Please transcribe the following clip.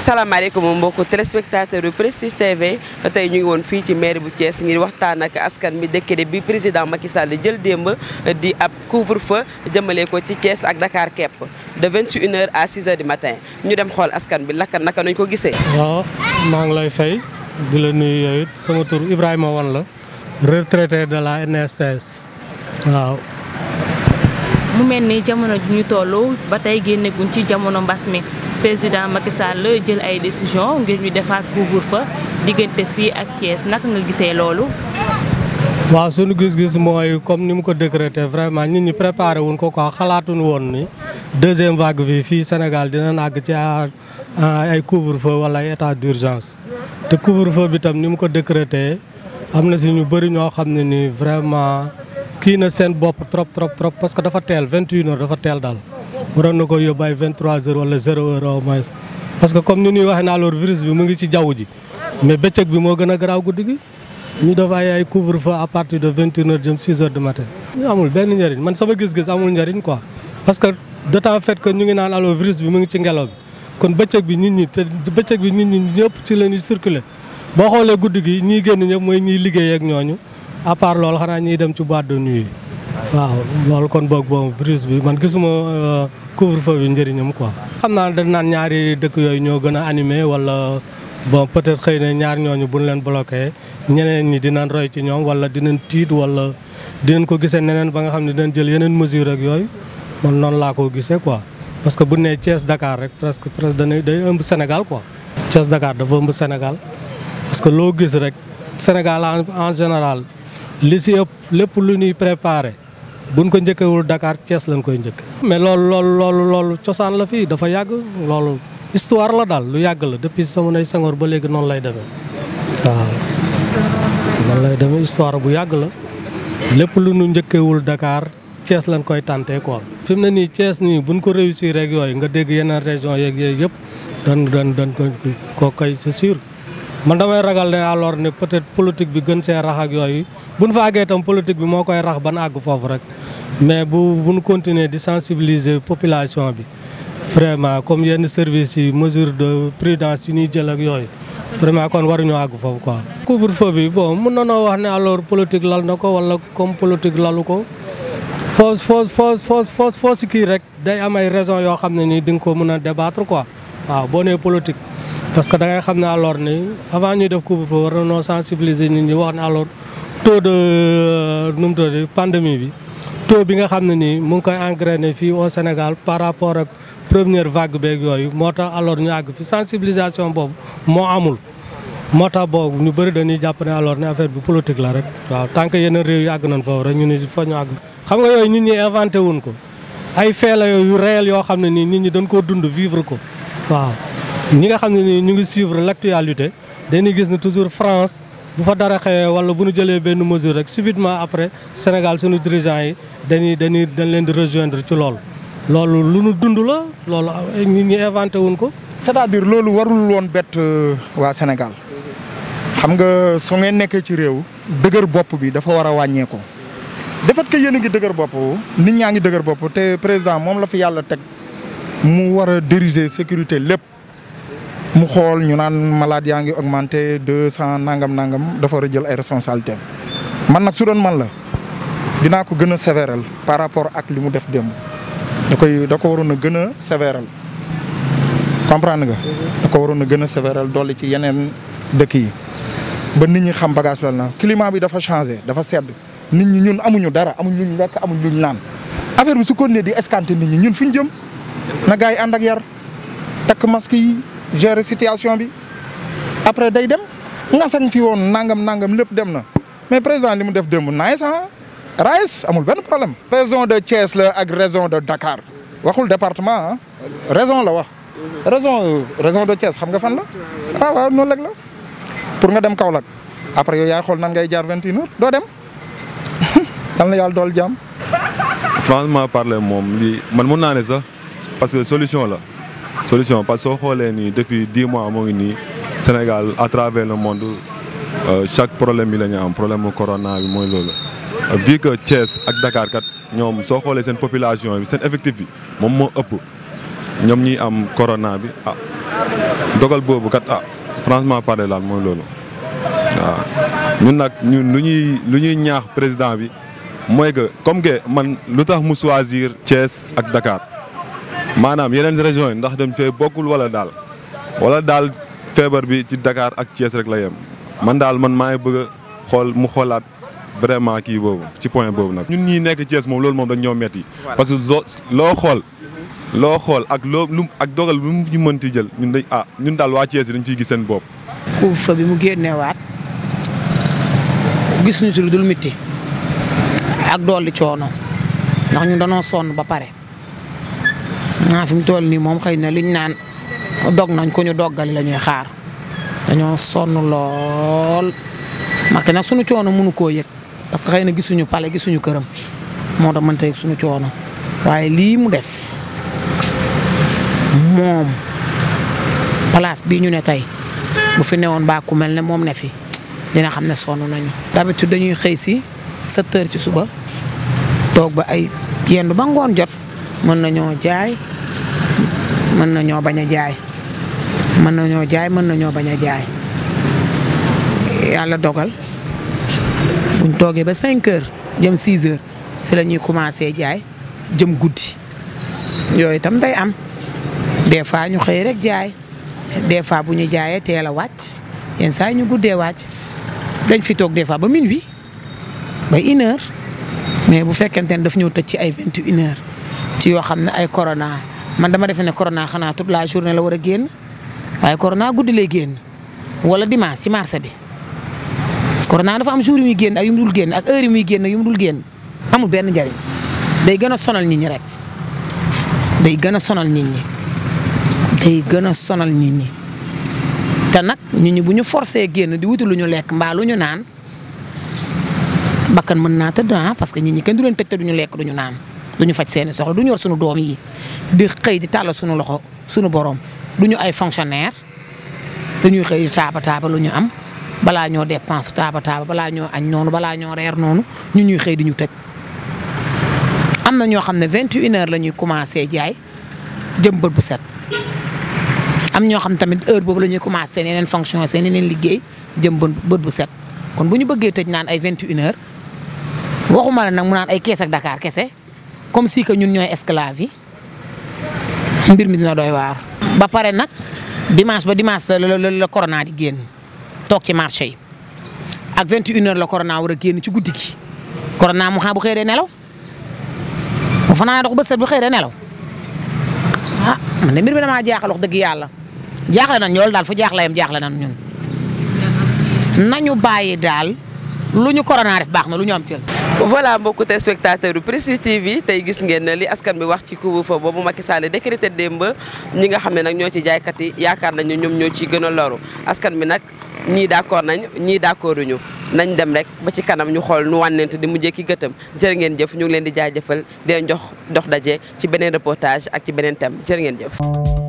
salaamaaleykum mbokki téléspectateur yu TV tey ñu ngi woon fii ci maire bu Thiès ngir waxtaan ak askan mi décret bi président Macky Sall jël démb di ab couvre-feu jëmale ko ci Thiès ak Dakar képp de 21h à 6 du matin ñu dem xool askan bi lakkat naka nañ ko gisee. waaw maa ngi lay fay di la nuyu sama tur Ibrahima Wan la retraité de la NSS waaw. mu mel ni jamono ji ñu toll ba tey génneguñ ci jamono mbas mi. président Macky Sall jël ay décision ngir ñu defaat couvre-feu diggante fii ak Thiès naka nga gisee loolu. waaw sunu gis-gis mooy comme ni mu ko décrété vraiment nit ñi préparé wuñ ko quoi xalaatuñu woon ni deuxième vague fii Sénégal dina àgg ci ay couvre-feu wala ay état d'urgence te couvre-feu bi itam ni mu ko décrété am na si ñu bëri ñoo xam ne ni vraiment kii na seen bopp trop trop trop parce que dafa teel 21 heures dafa teel daal. waroon na ko yóbbu ay 23 heures wala heure au parce que comme ñu ñuy waxee naa loolu virus bi mu ngi ci jaww ji mais bëccëg bi moo gën a garaaw guddi gi ñu def ay ay couvre feu à partir de 21 heures jëm 6 heures du matin. ñu amul benn njëriñ man sama gis-gis amul njariñ quoi parce que de temps fait ñu ngi naan alors virus bi mu ngi ci ngelaw kon bëccëg bi nit ñi te bëccëg bi nit ñi ñëpp ci la ñuy circuler boo xoolee guddi gi ñiy génn ñëpp mooy ñuy liggéey ak ñooñu à part loolu xanaa ñiy dem ci boîte de nuit yi. waaw loolu kon boog bon virus bi man gisuma euh, couvre-feu bi njëriñam quoi. am naa dañ naan ñaari dëkk yooyu ñoo gën a animé wala bon peut-être xëy na ñaar ñooñu bu leen bloqué ñeneen ñi dinañ roy ci ñoom wala dinañ tiit wala dinañ ko gisee neneen ba nga xam ne dinañ jël yeneen mesure ak yooyu man noonu laa ko gisee quoi. parce que bu nee Thiès Dakar rek presque presque danay day ëmb Sénégal quoi Thiès Dakar dafa ëmb Sénégal parce que loo gis rek Sénégal en général li lépp lu ñuy préparé. buñ ko njëkkewul dakaar cees lañ koy njëkk mais loolu loolu loolu loolu cosaan la fii dafa yàgg loolu histoire la daal lu yàgg la depuis sama nay Senghor ba léegi noonu lay demee waaw noonu lay demee histoire bu yàgg la lépp lu nu njëkkewul dakaar cees lañ koy tàntee quoi fi mu ne nii Thiès nii buñ ko réussir rek yooyu nga dégg yeneen région yeeg yooyu yëpp dan dan dan ko koo koy c'est sûr man damay ragal ne alors ne peut-être politique bi gën see rax yooyu bu ñu fa àggee itam politique bi moo koy rax ban àgg foofu rek mais bu bu ñu continuer di sensibiliser population bi vraiment comme yenn service yi mesure de prudence yu ñuy jël ak yooyu vraiment kon war waruñoo àgg foofu quoi. couvre feu bi bon mën na noo wax ne alors politique lal na ko wala comme politique lalu ko foo foos foo foos foos foos si kii rek day am ay raison yoo xam ne nii di nga ko mën a débattre quoi waaw boo nee politique. parce que da xam ne alors avant sensibiliser nit ñi wax ne alors. taux de euh, nu mu tudd pandémie bi taux bi nga xam ne nii mu ngi koy engrainer fii au Sénégal par rapport ak première vague beeg yooyu moo tax alors ñu àgg fi sensibilisation boobu moo amul. moo tax boobu ñu bëri dañuy jàpp ne alors affaire bi politique la rek waaw tant que yeneen réew yi àgg nañ foofu rek ñu ne fa ñu àgg. xam nga yooyu nit ñi inventé wuñ ko ay feela yooyu réel yoo xam ne nii nit ñi dañ koo dund vivre ko waaw ñi nga xam ne ñu ngi suivre l' actualité gis ne toujours France. bu fa dara xewee wala bu ñu jëlee benn mesure rek subitement après Sénégal suñu dirigeants yi dañuy dañuy dañ leen di rejoindre ci loolu. loolu lu nu dund la loolu nit ñi inventé wuñ ko. c'est-à-dire loolu warul woon bett euh, waa Sénégal xam nga soo ngeen nekkee ci réew dëgër bopp bi dafa war a wàññeeku. defat fait que yéen ngi dëgër bopp nit ñaa ngi dëgër bopp te président moom la fi yàlla teg mu war a diriger sécurité lépp. mu xool ñu naan malade yaa ngi augmenté deux cent nangam nangam dafa war a jël ay responsabilités man nag su doon man la dinaa ko gën a sévéral par rapport ak li mu def démb da koy da ko waroon a gën a sévéral comprendre nga. da ko waroon a gën a sévéral dolli ci yeneen dëkk yi ba nit ñi xam bagage la climat bi dafa changé dafa sedd nit ñi ñun amuñu dara amuñu luñ lekk amuñu luñ naan affaire bi su ko nee di escanté nit ñi ñun fu ñu jëm na gars yi ak yar takk masque gérer situation bi après day dem qui fi nangam nangam dem mais président il def nice hein? problème. Raison de Thiès la Raison de Dakar le département hein? Raison la raison. Raison de Thiès xam nga fan ah dem après a nan dem franchement parler je ne man pas. parce que solution là solution parce que depuis dix mois le Sénégal à travers le monde euh, chaque problème il y a, un problème corona vu que Thiès et Dakar nous avons une population bi effectif bi corona bi ah, ah, franchement parler Nous, nous nous ñun président comme que Dakar. maanaam yeneen région yi ndax dem fee bokkul wala daal wala daal feebar bi ci dakaar ak Thiès rek la yem man daal man maa ngi bëgg a xool mu xoolaat vraiment kii boobu ci point boobu nag. ñun ñii nekk Thiès moom loolu moom dañ ñoo metti parce que loo xool. loo xool ak loo ak dogal bi mu ñu mënti jël ñun dañ ah ñun daal waa Thiès dañ fiy gis seen bopp. couvre-feu bi mu génneewaat gis ñu si lu dul mitti ak dolli coono ndax ñun danoo sonn ba pare. naa ah, fi mu toll nii moom xëy na liñ naan dog nañ ko ñu doggali la ñuy xaar dañoo sonn lool Macky nag suñu coono mënu koo yëg parce que xëy na gisuñu pale gisuñu këram moo tax mënta yëg suñu coono waaye lii mu def moom place bii ñu ne tey bu fi newoon baa ku mel ne moom ne fi dina xam ne sonn nañu d'habitude dañuy xëy si sept heures ci suba toog ba ay yendu ba ngoon jot mën nañoo jaay mën nañoo bañ a jaay mën nañoo jaay mën nañoo bañ a jaay yàlla dogal buñ toogee ba 5 heures jëm 6 heures si lañuy ñuy commencé jaay jëm guddi yooyu itam day am des fois ñu xëy rek jaay des fois bu ñu jaayee teel a wàcc yenn saa ñu guddee wàcc dañ fi toog des fois ba minuit ba une mais bu fekkente ne daf ñëw tëj ci ay vingt et ci yoo xam ne ay corona. man dama def ne corona xana toute la journée la wara guen waye corona goudi lay guen wala dimanche si marché bi corona dafa am jour yu guen génn ak yu dul génn ak heure yu muy génn ak yu mu dul génn amul benn njariñ day gëna sonal nit ñi rek day gëna sonal nit ñi day gëna sonal nit ñi nak nit ñi buñu forcer guen di luñu lek mba mbaa naan bakkan mën na tëdd ah parce que nit ñi kën du leen tekk te duñu lek duñu naan du ñu faj seeni soxla du ñu yor sunu doom yi di xëy di tàllal sunu loxo sunu boroom du ñu ay fonctionnaire dañuy xëy di taaba taaba lu ñu am balaa ñoo dépense taaba taaba balaa ñoo añ noonu balaa ñoo reer noonu ñu ñuy xëy di ñu tëj. am na ñoo xam ne vingt et la ñuy commencé jaay jëm bu set am ñoo xam tamit heure boobu la ñuy commencé seen yeneen fonction seen liggéey jëm bët bu set kon bu ñu bëggee tëj naan ay vingt et une heures waxuma nag mu naan ay kees ak kese. comme si que ñun ñooy esclave yi mbir mi dina doy waar. ba pare nag dimanche ba dimanche la la la corona di génn toog ci marché yi ak 21h la corona war a génn ci guddi gi corona mu xam bu xëy nelaw bu fanaan dox ba set bu xëy nelaw ah man de mbir mi damaa jaaxal wax dëgg yàlla jaaxle nañ ñool daal fu jaaxle yam jaaxle nañ ñun nañu bàyyi daal lu ñu corona def baax na lu ñu am cër. voilà mbokkute téléspectateur yu Prestige TV tey gis ngeen li askan bi wax ci couvre-feu boobu Macky Sall décrété démb ñi nga xam ne nag ñoo ci jaaykat yi yaakaar nañu ñoom ñoo ciy gën a loru askan bi nag ñii d'accord nañ ñii d'accorduñu nañ dem rek ba ci kanam ñu xool nu wànnent di mujjee ki gëtëm jërë ngeen jëf ñu ngi leen di jaajëfal di leen jox dox daje ci beneen reportage ak ci beneen thème jërë ngeen jëf